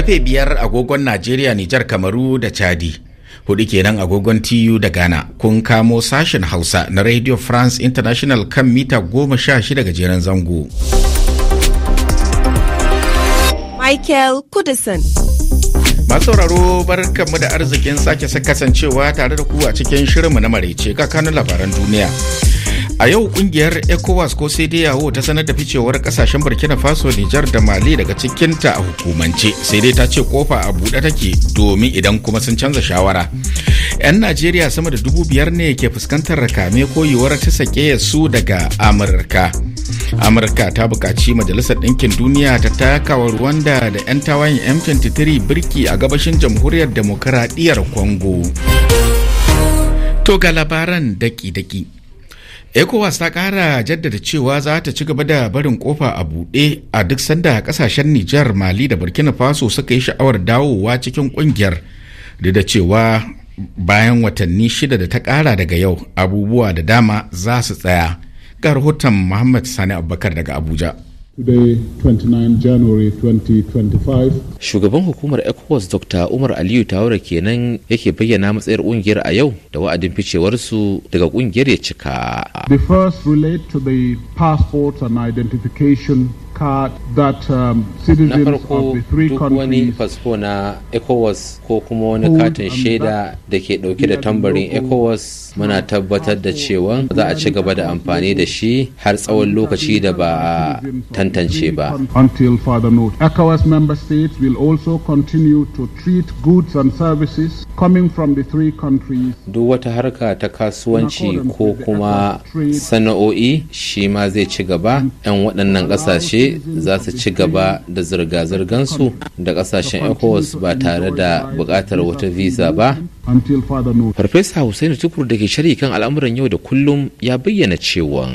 karfe biyar agogon Najeriya, Nijar, Kamaru da Chadi. Hudu kenan agogon TU da Ghana kun kamo sashen Hausa na Radio France International kan mita goma sha shida gajeren zango. Michael Kudison. Masu sauraro barkanmu da arzikin sake kasancewa tare da ku a cikin shirinmu na maraice kakanun labaran duniya. a yau kungiyar ecowas ko sai dai yawo ta sanar da ficewar kasashen burkina faso nijar da mali daga cikinta a hukumance sai dai ta ce kofa a buɗe take domin idan kuma sun canza shawara yan najeriya sama da dubu biyar ne ke fuskantar kame ko yiwuwar ta sake su daga amurka amurka ta buƙaci majalisar ɗinkin duniya ta takawa rwanda da 'yan tawayen m23 birki a gabashin jamhuriyar demokaradiyyar congo to ga labaran daki-daki ecowas ta kara jaddada cewa za ta ci gaba da barin kofa a buɗe a duk sanda kasashen nijar mali da burkina faso suka yi sha'awar dawowa cikin kungiyar duk da cewa bayan watanni shida da ta kara daga yau abubuwa da dama za su tsaya ga rahoton muhammad sani abubakar daga abuja Shugaban hukumar ECOWAS Dr. Umar Aliyu Taura kenan yake bayyana matsayar ƙungiyar a yau da wa'adin ficewarsu daga ƙungiyar ya cika. The first relate to the passports and identification Um, na farko duk wani fasfo na ecowas ko kuma wani katin shaida da ke dauke da tambarin ecowas muna tabbatar da cewa za a ci gaba da amfani da shi har tsawon lokaci da ba a tantance ba ecowas member states will also continue to treat goods and services coming from the three countries duk wata harka ta kasuwanci ko kuma sana'o'i shi ma zai ci gaba 'yan waɗannan ƙasashe za su ci gaba da zirga-zirgansu da kasashen ecowas ba tare da bukatar wata visa ba farfesa Hussein tukur da ke shari kan al'amuran yau da kullum ya bayyana cewa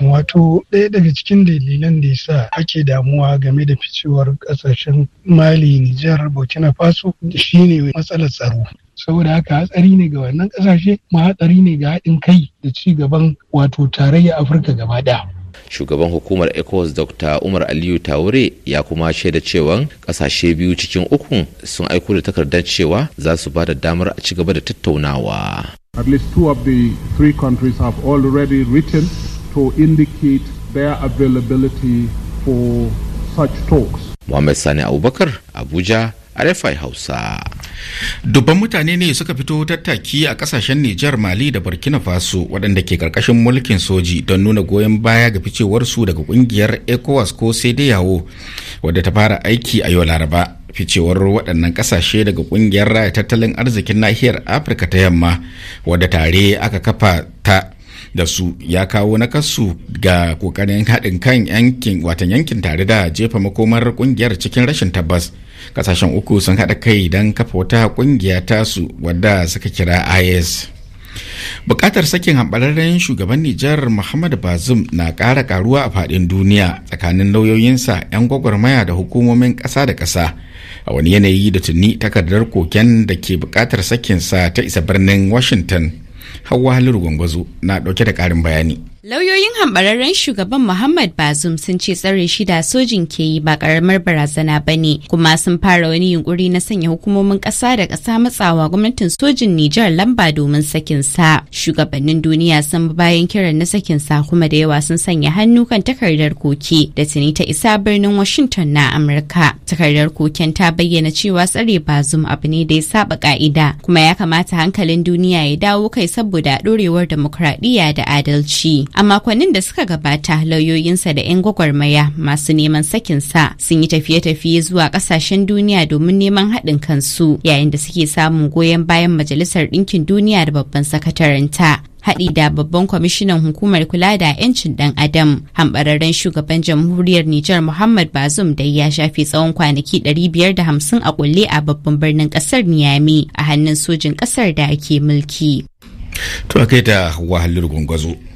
wato ɗaya daga cikin dalilan da yasa ake damuwa game da ficewar ƙasashen mali nijar burkina faso shine matsalar tsaro saboda haka hatsari ne ga wannan kasashe, ma hatsari ne ga haɗin kai da ci gaban wato tarayya afirka gaba ɗaya shugaban hukumar ecowas dr umar aliyu taure ya kuma shaida cewa kasashe biyu cikin ukun sun aiko da takardar cewa za su ba da damar a ci gaba da tattaunawa at least two of the three countries have already written to indicate their availability for such talks Muhammad Sani Abubakar, Abuja, RFI Hausa. dubban mutane ne suka fito tattaki a kasashen Nijar Mali da Burkina Faso waɗanda ke karkashin mulkin soji don nuna goyon baya ga ficewarsu daga ƙungiyar ECOWAS ko yawo wadda ta fara aiki a yau Laraba. Ficewar waɗannan ƙasashe daga ƙungiyar raya tattalin arzikin nahiyar Afirka ta yamma wadda tare aka kafa ta da su ya kawo nakasu ga kokarin haɗin kan yankin watan yankin tare da jefa makomar ƙungiyar cikin rashin tabbas. kasashen uku sun haɗa kai don kafa wata ƙungiya tasu wadda suka kira is Buƙatar sakin hambararren shugaban nijar muhammad bazum na ƙara ƙaruwa a faɗin duniya tsakanin lauyoyinsa 'yan gwagwarmaya da hukumomin ƙasa da ƙasa a wani yanayi da tuni takardar koken da ke bukatar sakinsa ta isa birnin washington hawa halin gwangwazo na ɗauke da ƙarin bayani Lauyoyin hambararren shugaban Muhammad Bazum sun ce tsare shida sojin ke yi ba karamar barazana ba ne, kuma sun fara wani yunkuri na sanya hukumomin ƙasa da ƙasa matsawa gwamnatin sojin Nijar lamba domin sakin sa. Shugabannin duniya sun bayan kiran na sakin sa kuma da yawa sun sanya hannu kan takardar koke da tuni ta isa birnin Washington na Amurka. Takardar koken ta bayyana cewa tsare Bazum abu ne da ya saba ka'ida, kuma ya kamata hankalin duniya ya dawo kai saboda ɗorewar dimokuraɗiyya da adalci. A makonnin da suka gabata lauyoyinsa da 'yan gwagwarmaya masu neman sakinsa sun yi tafiye-tafiye zuwa kasashen duniya domin neman haɗin kansu yayin da suke samun goyon bayan Majalisar Ɗinkin Duniya da babban sakatarinta. haɗi da babban kwamishinan hukumar kula da 'yancin ɗan adam hambararren shugaban jamhuriyar Nijar Muhammad Bazum da ya shafe tsawon kwanaki 550 a kulle a babban birnin ƙasar Niyami a hannun sojin ƙasar da ake mulki. To a ta wahalar gwangwazo.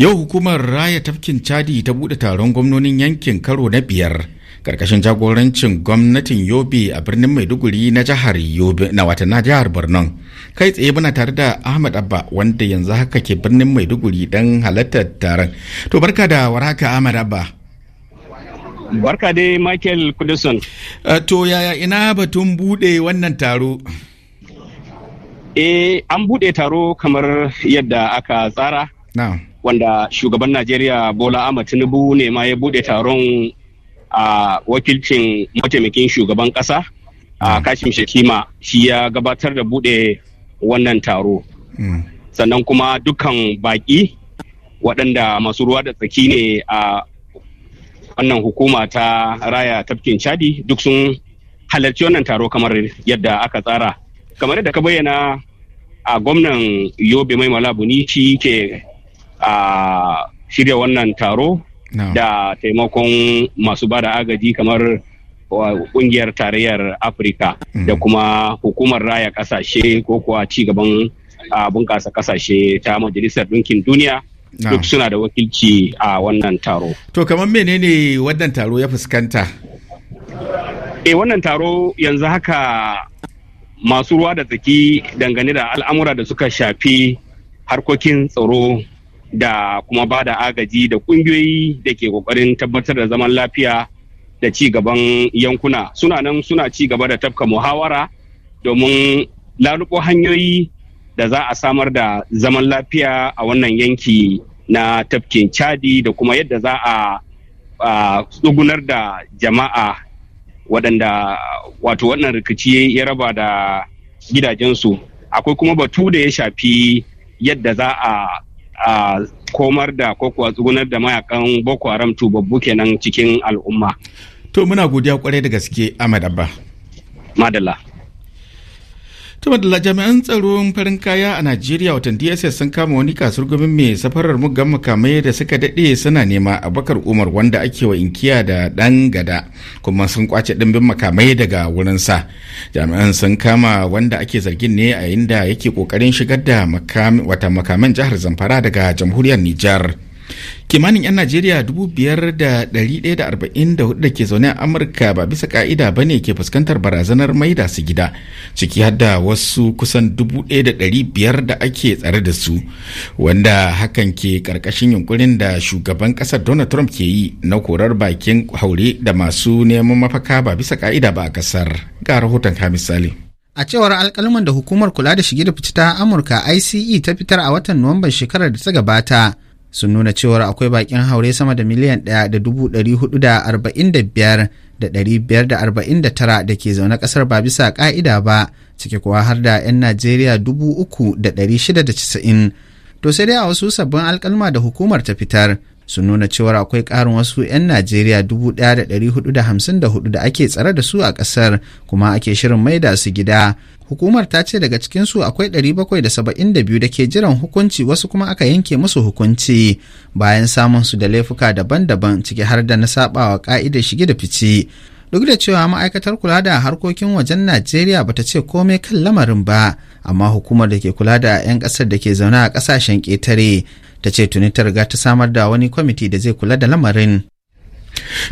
yau hukumar raya tafkin chadi ta bude taron gwamnonin yankin karo na biyar karkashin jagorancin gwamnatin yobe a birnin maiduguri na jihar yobe na wata na jihar borno kai tsaye muna tare da ahmad abba wanda yanzu haka ke birnin maiduguri dan halartar taron to barka da warhaka ahmad abba barka da michael kudison eh, to yaya ina batun bude wannan taro eh an bude taro kamar yadda aka tsara no. wanda shugaban najeriya bola ahmad tinubu ne ma ya bude taron a wakilcin mataimakin shugaban kasa a hmm. kashim Shekima shi ya gabatar da bude wannan taro hmm. sannan kuma dukkan baki waɗanda masu ruwa da tsaki ne a wannan hukuma ta raya tafkin chadi duk sun halarci wannan taro kamar yadda aka tsara kamar yadda ka bayyana a gwamnan yobe mai malabuni shi ke a shirya wannan taro da taimakon masu ba da agaji kamar kungiyar tarayyar afirka mm. da kuma hukumar raya kasashe ko kuwa cigaban bunƙasa kasashe ta majalisar ɗinkin duniya duk suna da wakilci a wannan taro to kamar menene wannan taro ya fuskanta e wannan taro yanzu haka masu ruwa da tsaki dangane da al'amura da suka shafi harkokin tsaro da kuma ba da agaji da kungiyoyi da ke kokarin tabbatar da zaman lafiya da ci gaban yankuna suna nan suna ci gaba da tafka muhawara domin laluko hanyoyi da za a samar da zaman lafiya a wannan yanki na tafkin chadi da kuma yadda za a tsugunar da jama'a waɗanda wato wannan rikici ya raba da gidajensu akwai kuma batu da ya shafi yadda za a a komar da ko kuwa tsugunar da mayakan boko haram tubabbu kenan cikin al'umma to muna godiya kwarai da gaske ahmad abba madalla tumadala jami'an tsaron farin kaya a najeriya watan dss sun kama wani kasuwar gwamnati mai safarar muggan makamai da suka daɗe suna nema a bakar umar wanda ake wa inkiya da ɗan gada kuma sun kwace ɗimbin makamai daga wurinsa jami'an sun kama wanda ake zargin ne a inda yake kokarin shigar da wata makaman jihar zamfara daga jamhuriyar nijar kimanin 'yan najeriya 5,144 da ke zaune a amurka ba bisa ka'ida ba ne ke fuskantar barazanar maida su gida ciki har da wasu kusan 1,500 da ake tsare da su wanda hakan ke karkashin yunkurin da shugaban kasar donald trump ke yi na korar bakin haure da masu neman mafaka ba bisa ka'ida ba a kasar ga rahoton ka misali A cewar alkalman da hukumar kula da shige da fice ta Amurka ICE ta fitar a watan Nuwamban shekarar da ta gabata, sun nuna cewar akwai bakin haure sama da miliyan ɗaya da dubu ɗari hudu da arba'in da biyar da ɗari biyar da arba'in da tara da ke zaune ƙasar ba bisa ƙa'ida ba ciki kuwa har da 'yan najeriya dubu uku da ɗari shida da casa'in to sai dai a wasu sabbin alkalma da hukumar ta fitar sun nuna cewar akwai karin wasu 'yan Najeriya 1,454 da ake tsare da su a ƙasar kuma ake shirin maida su gida. Hukumar ta ce daga cikinsu akwai 772 da ke jiran hukunci wasu kuma aka yanke musu hukunci bayan samun su da laifuka daban-daban ciki har da na saɓawa ƙa'idar shige da fice. duk da cewa ma'aikatar kula da harkokin wajen najeriya bata ce komai kan lamarin ba amma hukumar da ke kula da 'yan ƙasar da ke zaune a ƙasashen ƙetare ta ce tuni ta riga ta samar da wani kwamiti da zai kula da lamarin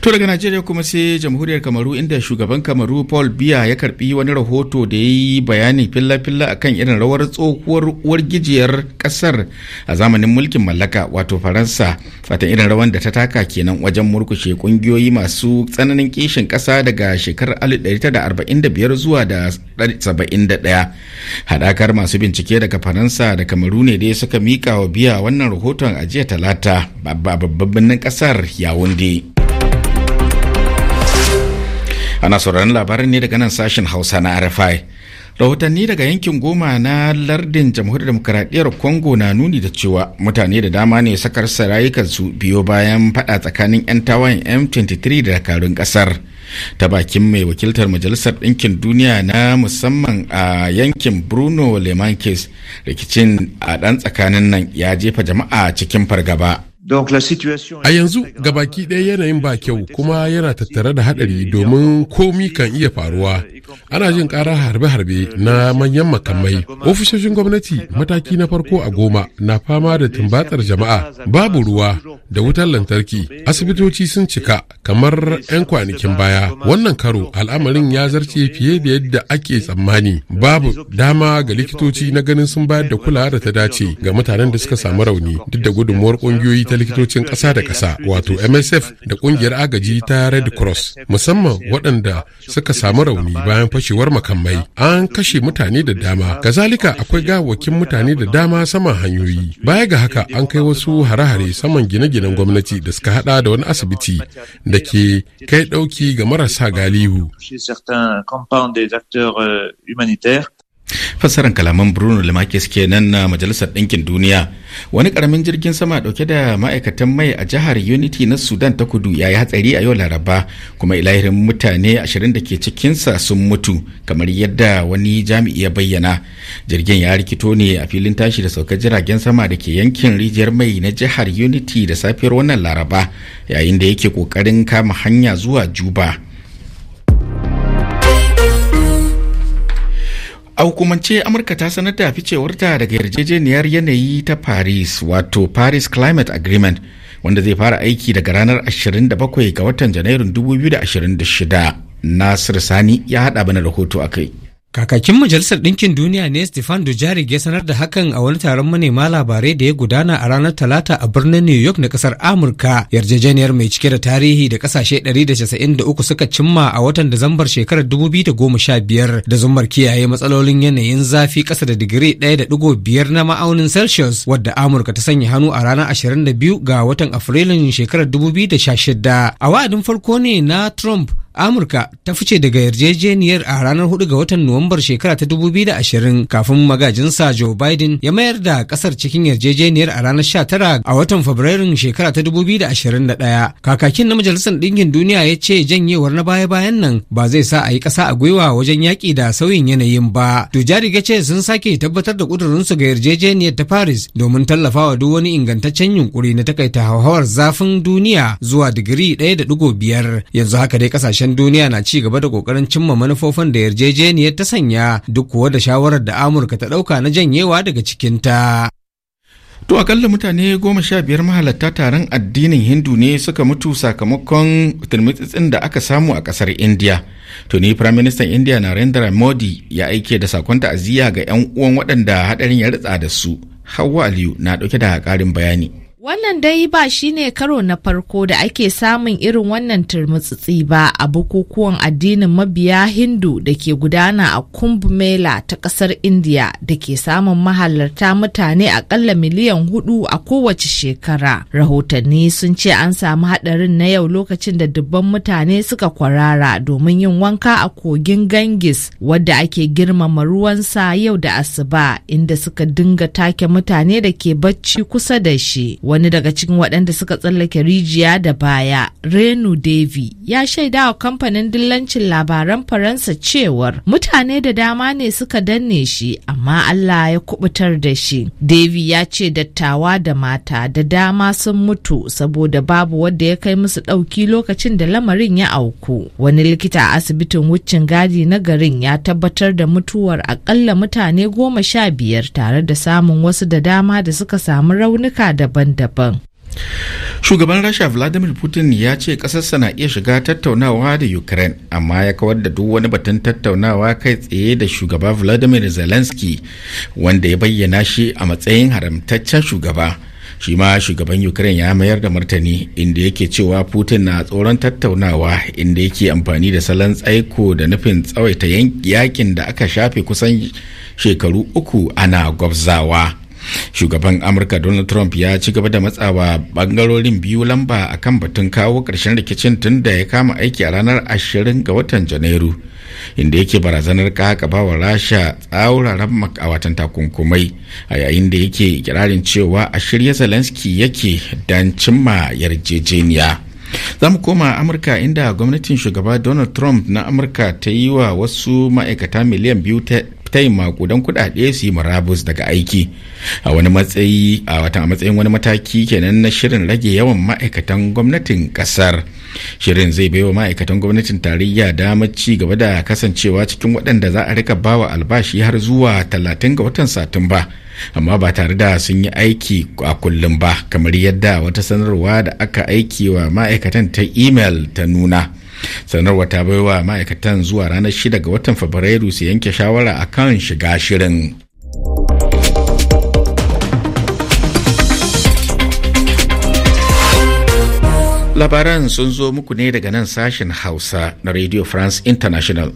to daga najeriya kuma sai jamhuriyar kamaru inda shugaban kamaru paul biya ya karbi wani rahoto da ya yi bayani filla-filla kan irin rawar tsohuwar uwargijiyar kasar a zamanin mulkin mallaka wato faransa watan irin rawan da ta taka kenan wajen murkushe kungiyoyi masu tsananin kishin kasa daga shekarar 1945 zuwa da 71 haɗakar masu bincike daga faransa da kamaru ne dai suka mika wa biya wannan rahoton a jiya talata babban birnin kasar wunde. ana sauraron labarin ne daga nan sashen hausa na rfi rahotanni daga yankin goma na lardin jamhuriyar demokaradiyyar congo na nuni da cewa mutane da dama ne sakar su biyo bayan fada tsakanin 'yan tawayen m23 da dakarun kasar ta bakin mai wakiltar majalisar ɗinkin duniya na musamman a yankin bruno lemankes rikicin a dan tsakanin nan ya jefa jama'a cikin fargaba A yanzu ga baki ɗaya yanayin ba kyau kuma yana tattare da haɗari domin komi kan iya faruwa. Ana jin ƙara harbe-harbe na manyan makamai. Ofishoshin gwamnati mataki na farko a goma na fama da tumbatsar jama'a babu ruwa da wutar lantarki. Asibitoci sun cika kamar 'yan kwanakin baya. Wannan karo al'amarin ya zarce fiye da yadda ake tsammani. Babu dama ga likitoci na ganin sun bayar da kulawa da ta dace ga mutanen da suka samu rauni duk da gudunmuwar ƙungiyoyi ta likitocin ƙasa da ƙasa wato MSF da ƙungiyar agaji ta Red Cross musamman waɗanda suka samu rauni bayan fashewar makamai an kashe mutane da dama kazalika akwai gawakin mutane da dama saman hanyoyi baya ga haka an kai wasu hare-hare saman gine-ginen gwamnati da suka hada da wani asibiti da ke kai ɗauki ga marasa galihu fassarar kalaman bruno limakis nan na majalisar ɗinkin duniya wani ƙaramin jirgin sama ɗauke da ma'aikatan mai a jihar unity na sudan ta kudu ya yi hatsari a yau laraba kuma ilahirin mutane ashirin da ke cikinsa sun mutu kamar yadda wani jami'i ya bayyana jirgin ya rikito ne a filin tashi da sauka jiragen sama da ke yankin rijiyar mai na jihar unity da safiyar wannan laraba yayin da yake kokarin kama hanya zuwa juba A hukumance Amurka ta sanar da ficewarta daga yarjejeniyar yanayi ta Paris wato Paris Climate Agreement wanda zai fara aiki daga ranar 27 ga watan Janairun 2026. Nasir Sani ya haɗa bana rahoto a kai. Kakakin Majalisar Ɗinkin Duniya ne Stefan Dujarik ya sanar da hakan a wani taron manema labarai da ya gudana a ranar Talata a birnin New York na ƙasar Amurka. Yarjejeniyar mai cike da tarihi da ƙasashe 193 suka cimma a watan Disambar shekarar 2015 da zumar kiyaye matsalolin yanayin zafi ƙasa da digiri 1.5 na ma'aunin Celsius wadda Amurka ta sanya hannu a ranar 22 ga watan Afrilun shekarar 2016. A wa'adin farko ne na Trump amurka ta fice daga yarjejeniyar a ranar 4 ga watan nuwambar shekara ta 2020 kafin magajinsa joe biden ya mayar da kasar cikin yarjejeniyar a ranar 19 a watan fabrairun shekara ta 2021 kakakin na majalisar ɗinkin duniya ya ce janyewar na baya-bayan nan ba zai sa a yi ƙasa a gwiwa wajen yaƙi da sauyin yanayin ba dujari ga ce sun sake tabbatar da ƙudurinsu ga yarjejeniyar ta paris domin tallafawa duk wani ingantaccen yunkuri na takaita hauhawar zafin duniya zuwa digiri 1.5 yanzu haka dai ƙasashen kasashen duniya na ci gaba da kokarin cimma manufofin da yarjejeniyar ta sanya duk kuwa da shawarar da amurka ta dauka na janyewa daga cikinta To akalla mutane goma sha biyar mahalarta taron addinin Hindu ne suka mutu sakamakon turmitsitsin da aka samu a kasar India. To ni Prime Minister India Narendra Modi ya aike da sakon ta'aziyya ga 'yan uwan waɗanda haɗarin ya ritsa da su. Hawwa Aliyu na ɗauke da ƙarin bayani. Wannan dai ba shi ne karo na farko da ake samun irin wannan turmutsitsi ba a bukukuwan addinin mabiya Hindu da ke gudana a Kumbh Mela ta ƙasar India da ke samun mahalarta mutane akalla miliyan hudu a kowace shekara. Rahotanni sun ce an samu haɗarin na yau lokacin da dubban mutane suka kwarara domin yin wanka a kogin Ganges wadda ake girmama ruwansa yau da asuba inda suka dinga take mutane da ke bacci kusa da shi. wani daga cikin waɗanda suka tsallake rijiya da baya renu devi ya shaida wa kamfanin dillancin labaran faransa cewar mutane da dama ne suka danne shi amma allah ya kubutar da shi devi ya ce dattawa da mata da dama sun mutu saboda babu wadda ya kai musu ɗauki lokacin da lamarin ya auku wani likita a asibitin Wucin gadi na garin ya tabbatar da mutuwar akalla mutane goma sha biyar tare da samun wasu da dama da suka samu raunuka daban daban shugaban rasha vladimir putin ya ce ƙasarsa na iya shiga tattaunawa da ukraine amma ya kawar da duk wani batun tattaunawa kai tsaye da shugaba vladimir zelensky wanda ya bayyana shi a matsayin haramtaccen shugaba shi ma shugaban ukraine ya mayar da martani inda yake cewa putin na tsoron tattaunawa inda yake amfani da salon tsaiko da nufin tsawaita yakin da aka shafe kusan shekaru uku ana gwabzawa. shugaban amurka donald trump ya ci gaba da matsawa bangarorin biyu lamba a kan batun kawo ƙarshen rikicin tun da ya kama aiki a ranar ashirin ga watan janairu inda yake barazanar kaka wa rasha tsauraran makawatan takunkumai a yayin da yake kirarin cewa a shirya zelensky yake don cimma yarjejeniya za mu koma amurka inda gwamnatin shugaba donald trump na amurka ta yi wa wasu ma'aikata miliyan biyu ta makudan kuɗaɗe su yi murabus daga aiki a wani matsayi a watan a matsayin wani mataki kenan na shirin rage yawan ma'aikatan gwamnatin ƙasar shirin zai baiwa ma'aikatan gwamnatin tarayya damar ci gaba da kasancewa cikin waɗanda za a rika bawa albashi har zuwa talatin ga watan satumba amma ba tare da sun yi aiki a kullum ba kamar yadda wata sanarwa da aka aiki wa ma'aikatan ta imel ta nuna sanarwa ta bai wa ma'aikatan zuwa ranar shida ga watan fabrairu su yanke shawara a kan shiga shirin labaran sun zo muku ne daga nan sashen hausa na radio france international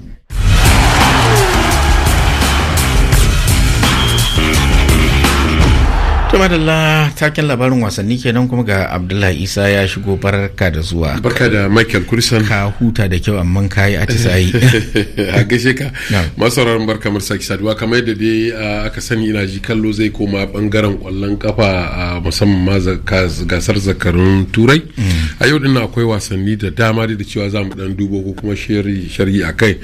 madalla taken labarin wasanni kenan kuma ga abdullahi isa ya shigo barka da zuwa barka da michael Kurisan. ka huta da kyau amma ka yi atisayi a gaishe ka masauraran barka marsa ki saduwa kamar yadda dai aka sani ina ji kallo zai koma bangaren kwallon kafa a musamman ma gasar zakarun turai mm. a yau din akwai wasanni da dama da cewa za mu dan dubo ko kuma shari a kai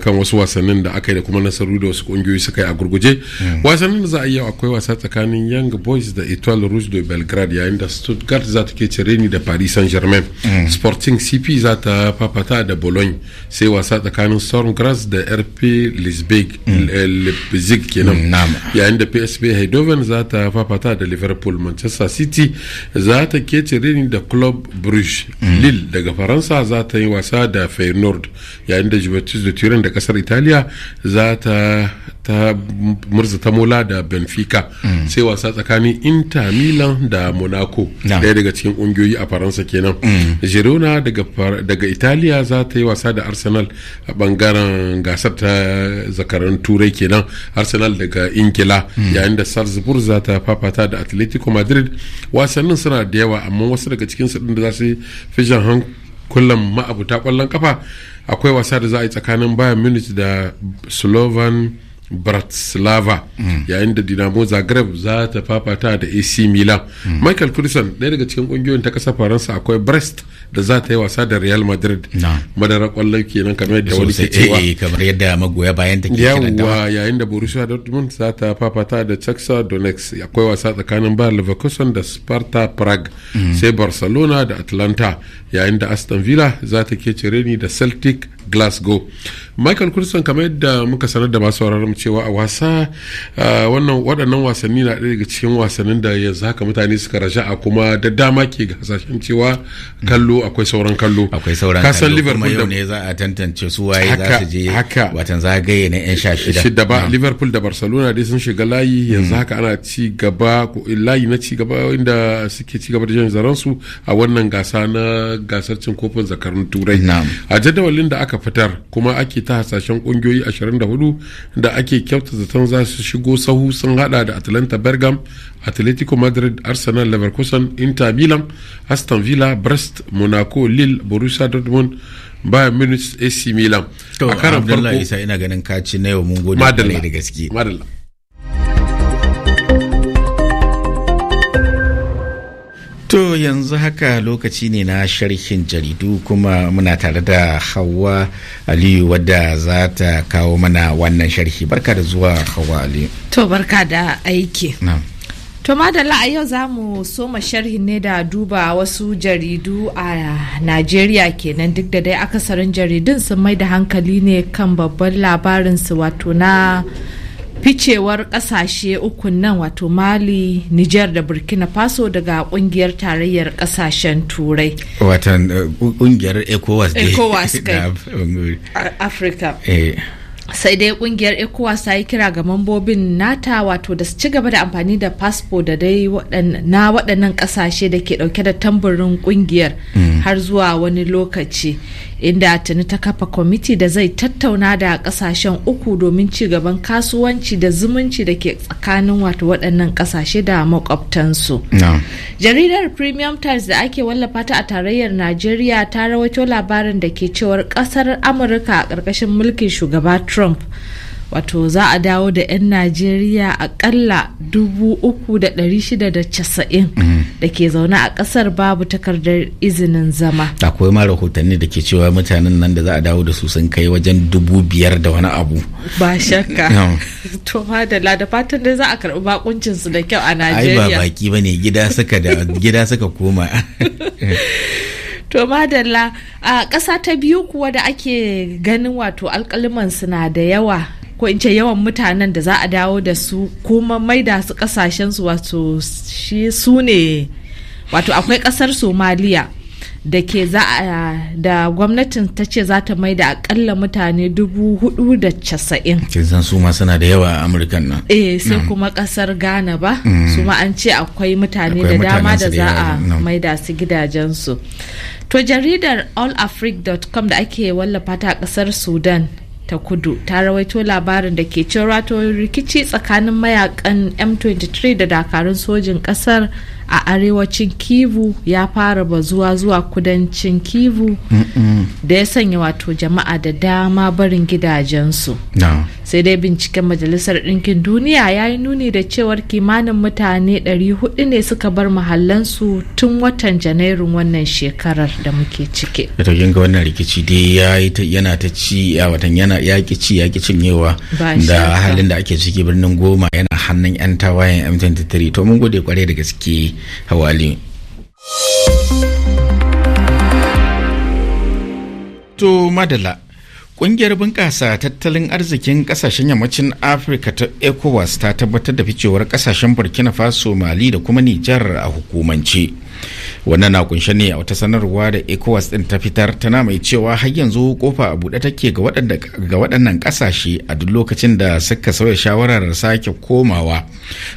kan wasu wasannin da aka yi da kuma nasaru da wasu kungiyoyi suka yi a gurguje mm. wasannin da za a yi akwai wasa tsakanin yan boys da etoile rouge de belgrade yayin da stuttgart za ta kece reni da paris saint germain mm. sporting cp za ta uh, fafata da Bologne sai wasa tsakanin storm grass da rp leipzig kenan yayin da psv eindhoven za ta uh, fafata da liverpool manchester city za ta kece reni da club bruges mm. lille daga faransa za ta yi wasa da feyenoord yayin da juventus da turin da kasar italiya za ta uh, ta murza ta mola da benfica mm. sai wasa tsakanin inter milan da monaco daya daga cikin kungiyoyi a faransa kenan mm. girona daga, italiya za ta yi wasa da arsenal a bangaren gasar ta zakaran turai kenan arsenal daga ingila mm. yayin da salzburg za ta fafata da atletico madrid wasannin suna da yawa amma wasu daga cikin su da za su fi jan hankulan ma'abuta kwallon kafa akwai wasa da za a yi tsakanin bayern munich da slovan bratislava mm. yayin da dinamo zagreb za ta fafata da ac milan mm. michael christian ɗaya daga cikin ƙungiyoyin ta kasa faransa akwai brest da za ta yi wasa da real madrid madara kwallon kenan kamar yadda wani ke cewa eh, kamar yadda magoya bayan ta ke yawa yayin da borussia dortmund za ta fafata da chelsea donetsk akwai wasa tsakanin bayer leverkusen da sparta prague mm. sai barcelona da atlanta yayin da aston villa za ta ke cireni da celtic glasgow michael kurson kamar yadda muka sanar da masu mu cewa a wasa wannan waɗannan wasanni na ɗaya daga cikin wasannin da yanzu haka mutane suka rasha a kuma da dama ke ga hasashen cewa kallo akwai sauran kallo akwai sauran kallo liverpool yau ne za a tantance su waye za su je haka watan zagaye na yan sha shida shida ba liverpool da barcelona dai sun shiga layi yanzu hmm. haka ana ci gaba layi na ci gaba inda suke ci gaba da jan zaran su a wannan gasa na gasar cin kofin zakarun turai a jadawalin da aka fitar kuma ake ta hasashen kungiyoyi 24 da ake kyauta zaton za su shigo sahu sun hada da atlanta bergam atletico madrid arsenal leverkusen inter milan aston villa brest monaco lille borussia dortmund bayan munich ac milan to abdullahi isa ina ganin kaci na yau mun gode da gaske madalla To yanzu haka lokaci ne na sharhin jaridu kuma muna tare da Hauwa Aliyu wadda za ta kawo mana wannan sharhi. Barka da zuwa Hauwa Aliyu. To barka da aiki. To madalla a yau za mu soma sharhin ne da duba wasu jaridu a Najeriya kenan duk da dai akasarin jaridun sun mai da hankali ne kan babban labarinsu wato na ficewar kasashe uku nan wato mali niger da burkina faso daga kungiyar tarayyar kasashen turai watan eh, kungiyar ecowas ecowas um, afirka eh. sai dai kungiyar ecowas ta yi kira ga mambobin nata wato da su ci gaba da amfani da fasfo da dai na waɗannan ƙasashe da ke ɗauke da tamburin kungiyar mm. har zuwa wani lokaci inda tuni ta kafa kwamiti da zai tattauna da ƙasashen uku domin ci gaban kasuwanci da zumunci da ke tsakanin wato waɗannan ƙasashe da makwabtansu jaridar premium times da ake wallafa ta a tarayyar najeriya ta rawaito labarin da ke cewar ƙasar amurka a ƙarƙashin mulkin shugaba trump trump wato za a dawo da 'yan najeriya akalla 3,690 da ke zaune a kasar babu takardar izinin zama akwai ma rahotanni da ke cewa mutanen nan da za a dawo da su sun kai wajen dubu biyar da wani abu ba shakka to madalla da fatan da za a karbi bakuncin su da kyau a najeriya ai ba baki ne gida suka koma to madalla a ƙasa ta biyu kuwa da ake ganin wato alkaliman suna da yawa ko in ce yawan mutanen da za a dawo da su kuma maida su ƙasashen su wato shi su ne wato akwai ƙasar somaliya da ke za a da gwamnatin ta ce za ta maida akalla mutane dubu hudu da casa'in kin su ma suna da yawa a amurkan nan eh mm. sai kuma kasar ghana ba mm. su ma an ce akwai mutane da dama da za a maida su gidajensu To jaridar allafric.com da ake wallafa ta kasar Sudan ta kudu ta rawaito labarin da ke cewa to rikici tsakanin mayakan M23 da dakarun sojin kasar a arewacin kivu ya fara bazuwa zuwa kudancin kivu da ya sanya wato jama'a da dama barin gidajensu sai dai binciken majalisar ɗinkin duniya ya yi nuni da cewar kimanin mutane 400 ne suka bar mahallansu tun watan janairun wannan shekarar da muke ciki da ga wannan rikici dai yana ta ci ya watan yana yaƙi ci yaƙi cinyewa da halin da ake ciki birnin goma yana hannun 'yan tawayen m23 to mun gode kwarai da gaske hawali to madala Ƙungiyar bunƙasa tattalin arzikin ƙasashen yammacin Afirka ta ECOWAS ta tabbatar da ficewar ƙasashen Burkina Faso, Mali da kuma Nijar a hukumance. wannan na kunshe ne a wata sanarwa da ecowas din ta fitar tana mai cewa har yanzu kofa a buɗe take ga waɗannan ƙasashe a duk lokacin da suka sauya shawarar sake komawa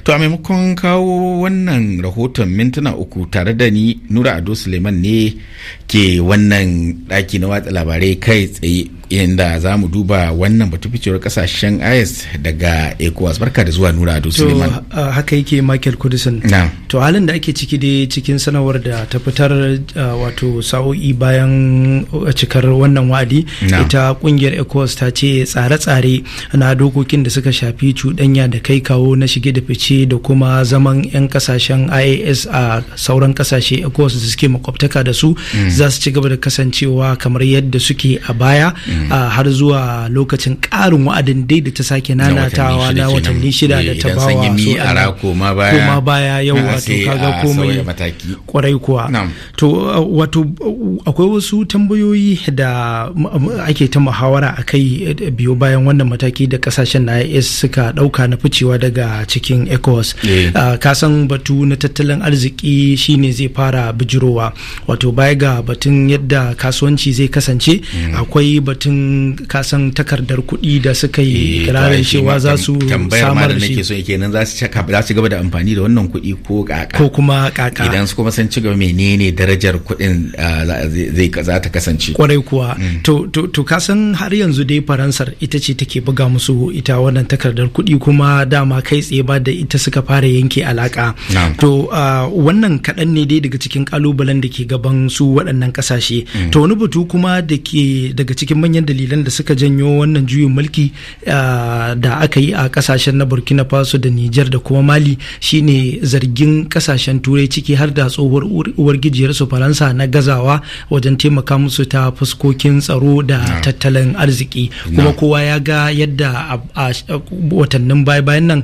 to a maimakon kawo wannan rahoton mintuna uku tare da ni nura ado suleiman ne ke wannan ɗaki na watsa labarai kai tsaye inda za mu duba wannan batu ficewar kasashen is daga ecowas barka da zuwa nura ado suleiman haka yake michael kudisin to halin da ake ciki dai cikin sanarwar da ta fitar uh, wato sa'o'i bayan uh, cikar wannan wa'adi ita kungiyar ecowas ta ce tsare-tsare na dokokin da suka shafi cuɗanya da kai kawo na shige da fice da kuma zaman 'yan kasashen ias a sauran kasashe ecowas da suke makwabtaka da su mm. za su ci gaba da kasancewa kamar yadda suke a baya mm. uh, har zuwa lokacin ƙarin wa'adin dai da ta sake nanatawa na watanni shida da ta bawa su ma baya yau wato kaga komai kwarai kuwa to uh, wato uh, akwai wasu tambayoyi da uh, ake ta muhawara a kai biyo bayan wannan mataki da kasashen na is suka dauka na ficewa daga cikin ecowas eh. kasan batu na tattalin arziki shine zai fara bijirowa wato baya ga batun yadda kasuwanci zai kasance hmm. akwai batun kasan takardar kuɗi da suka yi eh, kirarin cewa za su samar da shi za su gaba da amfani da wannan kuɗi ko kaka idan su kuma kusanci ga menene darajar kuɗin zai za ta kasance kwarai kuwa mm. to ka san har yanzu dai faransar ita ce take buga musu ita wannan takardar kuɗi kuma dama kai tsaye ba da ita suka fara yanke alaka to wannan kaɗan ne dai daga cikin kalubalen da ke gaban su waɗannan ƙasashe mm. to wani batu kuma da ke daga cikin manyan dalilan da suka janyo wannan juyin mulki da aka yi a ƙasashen na burkina faso da niger da kuma mali shine zargin ƙasashen turai ciki har da tso tsohuwar su faransa na gazawa wajen taimaka musu ta fuskokin tsaro da tattalin arziki kuma kowa ya ga yadda a watannin bayan nan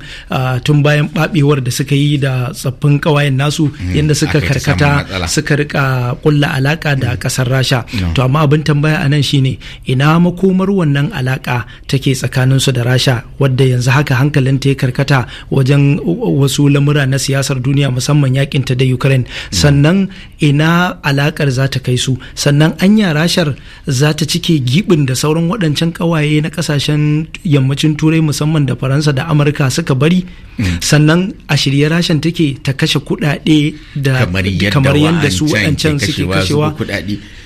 tun bayan babewar da suka yi da tsaffin kawayen nasu mm, yadda suka karkata suka rika kulla alaka da kasar mm. rasha to amma abin tambaya a nan shine ina makomar wannan alaka take tsakaninsu da rasha wadda yanzu haka hankalin ta ya karkata wajen wasu lamura na siyasar duniya musamman yakin ta da ukraine sannan ina alakar za ta kai su sannan anya rashar za ta cike gibin da sauran waɗancan kawaye na ƙasashen yammacin turai musamman da faransa da amurka suka bari hmm. sannan a shirye rashen take ta kashe kuɗaɗe da kamar yadda su waɗancan suke kashewa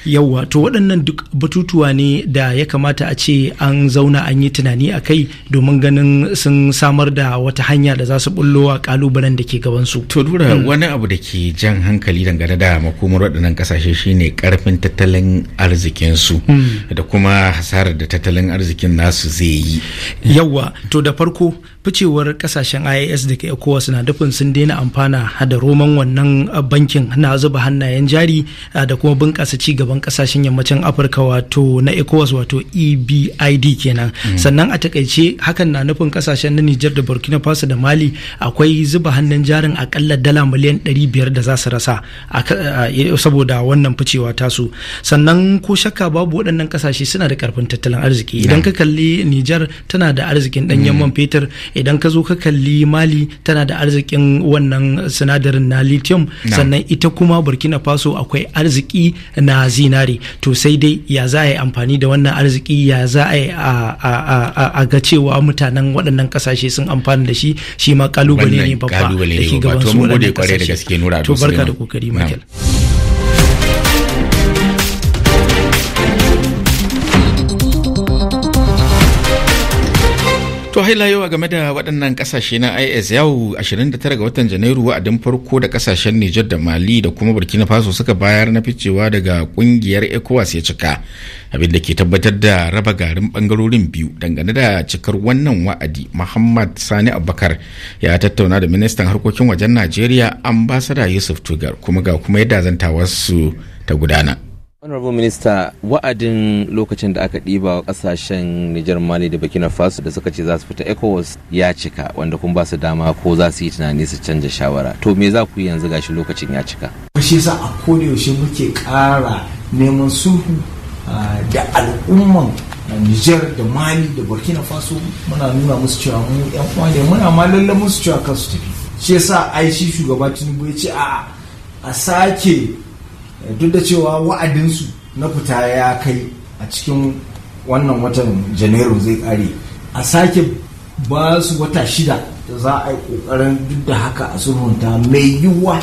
yauwa to waɗannan duk batutuwa ne da ya kamata a ce an zauna an yi tunani a kai domin ganin sun samar da wata hanya da za su bullo a ƙalubalen da ke gabansu to dura hmm. wani abu da ke jan hankali dangane da makomar waɗannan ƙasashe shine karfin tattalin arzikinsu hmm. da kuma hasarar da tattalin arzikin nasu zai yi yawa to da farko ficewar kasashen IAS da ke kowa na nufin sun daina amfana da roman wannan uh, bankin na zuba hannayen jari uh, da kuma bunƙasa ci gaban kasashen yammacin afirka wato na ecowas wato ebid kenan hmm. sannan a takaice hakan na nufin kasashen na nijar da burkina faso da mali akwai zuba hannun jarin akalla dala miliyan ɗari biyar da za su rasa uh, saboda wannan ficewa tasu sannan ko shakka babu waɗannan kasashe suna da karfin tattalin arziki idan ka kalli nijar tana da arzikin ɗanyen hmm. man fetur idan ka zo ka kalli mali tana da arzikin wannan sinadarin na lithium sannan ita kuma burkina faso akwai arziki na zinari to sai dai ya za a yi amfani da wannan arziki ya za a yi a ga cewa mutanen waɗannan ƙasashe sun amfani da shi shi ma ƙalubale ne babba da ke gaban su waɗannan ƙasashe to barka da kokari michael haila yau game da waɗannan ƙasashe na is yau 29 ga watan janairu wa'adin farko da ƙasashen nijar da mali da kuma burkina faso suka bayar na ficewa daga ƙungiyar ecowas ya cika abin da ke tabbatar da raba garin ɓangarorin biyu dangane da cikar wannan wa'adi muhammad sani abubakar ya tattauna da ministan harkokin wajen najeriya ambasada yusuf tugar kuma ga kuma yadda zantawarsu ta gudana honorable minister wa'adin lokacin da aka ɗiba wa ƙasashen nijar mali da burkina faso da suka ce za su fita ecowas ya cika wanda kuma ba su dama ko za su yi tunani su canja shawara to me za ku yi yanzu gashi lokacin ya cika shi yasa a kone yaushe muke ƙara neman sulhu da al'umman nijar da mali da burkina faso muna nuna musu cewa mu yan uwa ne muna ma lalle musu cewa kan su tafi shi yasa ai shi shugaba tinubu ya ce a'a a sake duk da cewa wa'adinsu na fita ya kai a cikin wannan watan janairu zai kare a sake ba su wata shida da za a yi kokarin duk da haka a sulhunta mai yiwuwa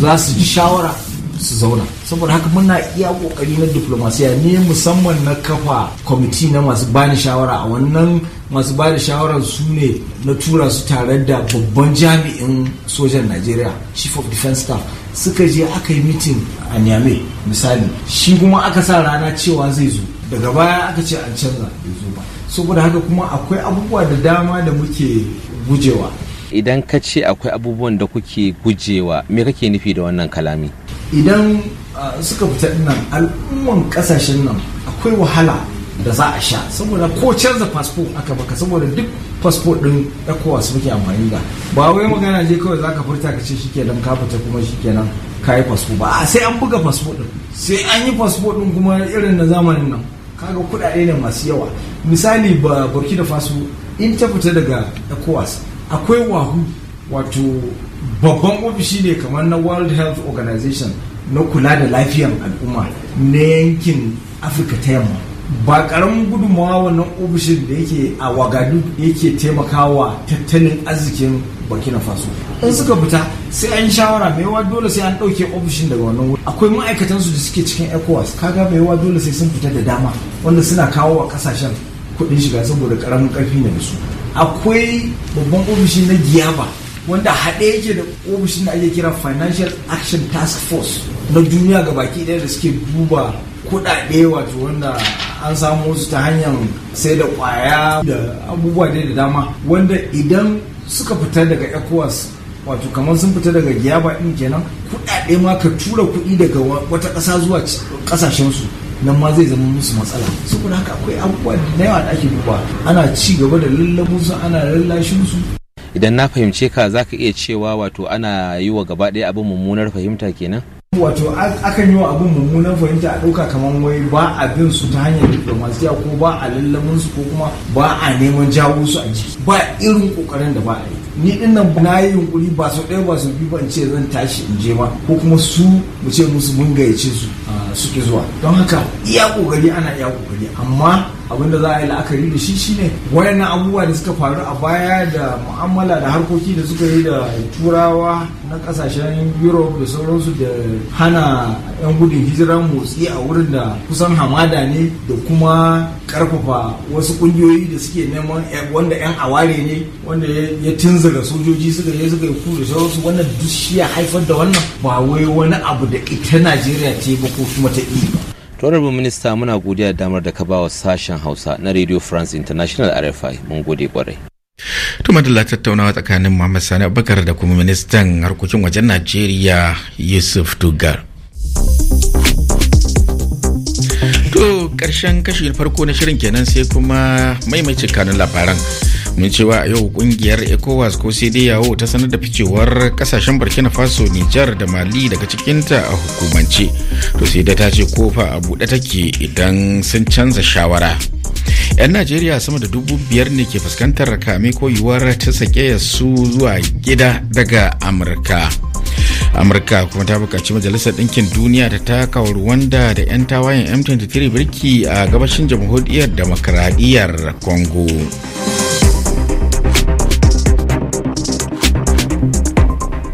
za su ji shawara su zauna saboda haka muna iya kokari na diplomasiya ne musamman na kafa kwamiti na masu bani shawara a wannan masu bada shawara su ne na tura su tare da babban jami'in sojan najeriya chief of defense staff suka je aka yi mitin a nyame misali shi kuma aka sa rana cewa zai zo daga baya aka ce an canza bai zo ba saboda haka kuma akwai abubuwa da dama da muke gujewa idan ka ce akwai abubuwan da kuke gujewa me kake nufi da wannan kalami idan ah, suka fita nan al'umman kasashen nan akwai wahala da za a sha saboda ko canza fasfo aka baka saboda duk fasfo din ecowas muke amfani da ba wai magana je kawai za ka furta ka ce shi shikenan ka fita kuma shi nan ka yi fasfo ba sai an buga fasfo din sai an yi fasfo din kuma irin na zamanin nan kaga kuɗaɗe ne masu yawa misali ba da faso in ta fita daga ecowas akwai wahu wato babban ofishi ne kamar na world health organization na kula da lafiyar al'umma na yankin afirka ta yamma ba karamin gudunmawa wannan ofishin da yake a wagadu yake taimakawa tattalin arzikin burkina faso in suka fita sai an shawara mai yawa dole sai an ɗauke ofishin daga wannan wuri akwai ma'aikatan su da suke cikin ecowas kaga mai yawa dole sai sun fita da dama wanda suna kawo wa kasashen kuɗin shiga saboda karamin ƙarfi na da su akwai babban ofishi na giyaba wanda haɗe yake da ofishin da ake kira financial action task force na duniya ga baki ɗaya da suke duba kuɗaɗe wato wanda an samu su ta hanyar sai da kwaya da abubuwa dai da dama wanda idan suka fita daga ecowas wato kamar sun fita daga giyaba ɗin kenan kuɗaɗe ma ka tura kuɗi daga wata ƙasa zuwa ƙasashensu nan ma zai zama musu matsala saboda haka akwai abubuwa da yawa da ake duba ana ci gaba da lallabunsu ana lallashin su idan na fahimce ka za ka iya cewa wato ana yi wa gaba ɗaya abin mummunar fahimta kenan wato akan yi wa abin mummunan fahimta a ɗauka kamar wai ba a bin su ta hanyar diplomasiya ko ba a lallamin su ko kuma ba a neman jawo su a jiki ba irin kokarin da ba a yi ni din nan na yi yunkuri ba su ɗaya ba su biyu ba in ce zan tashi in je ba ko kuma su mu ce musu mun gayyace su suke zuwa don haka iya kokari ana iya kokari amma abin da za a yi la'akari da shi shine wayannan abubuwa da suka faru a baya da mu'amala da harkoki da suka yi da turawa na kasashen europe da sauransu da hana 'yan gudun hijira motsi a wurin da kusan hamada ne da kuma karfafa wasu kungiyoyi da suke neman wanda 'yan aware ne wanda ya tunzura sojoji suka yi suka yi ku sauransu wannan duk shi ya haifar da wannan ba wai wani abu da ita najeriya ce ba ko su kuma minista muna godiya da damar da ka bawa sashen hausa na radio france international rfi mun gode kwarai to madalla tattaunawa tsakanin muhammad sani abubakar da kuma ministan harkokin wajen najeriya yusuf tugar to karshen kashi farko na shirin kenan sai kuma maimaici kanun labaran mai cewa a yau kungiyar ecowas ko sai dai yawo ta sanar da ficewar kasashen burkina faso nijar da mali daga cikinta a hukumance to sai da ta ce kofa a buɗe take idan sun canza shawara 'yan najeriya sama da dubu biyar ne ke fuskantar kame ko yiwuwar ta sake su zuwa gida daga amurka amurka kuma ta bukaci majalisar ɗinkin duniya ta taka wanda da 'yan tawayen m23 birki a gabashin jamhuriyar demokradiyyar congo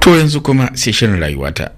To yanzu kuma sai shirin rayuwata.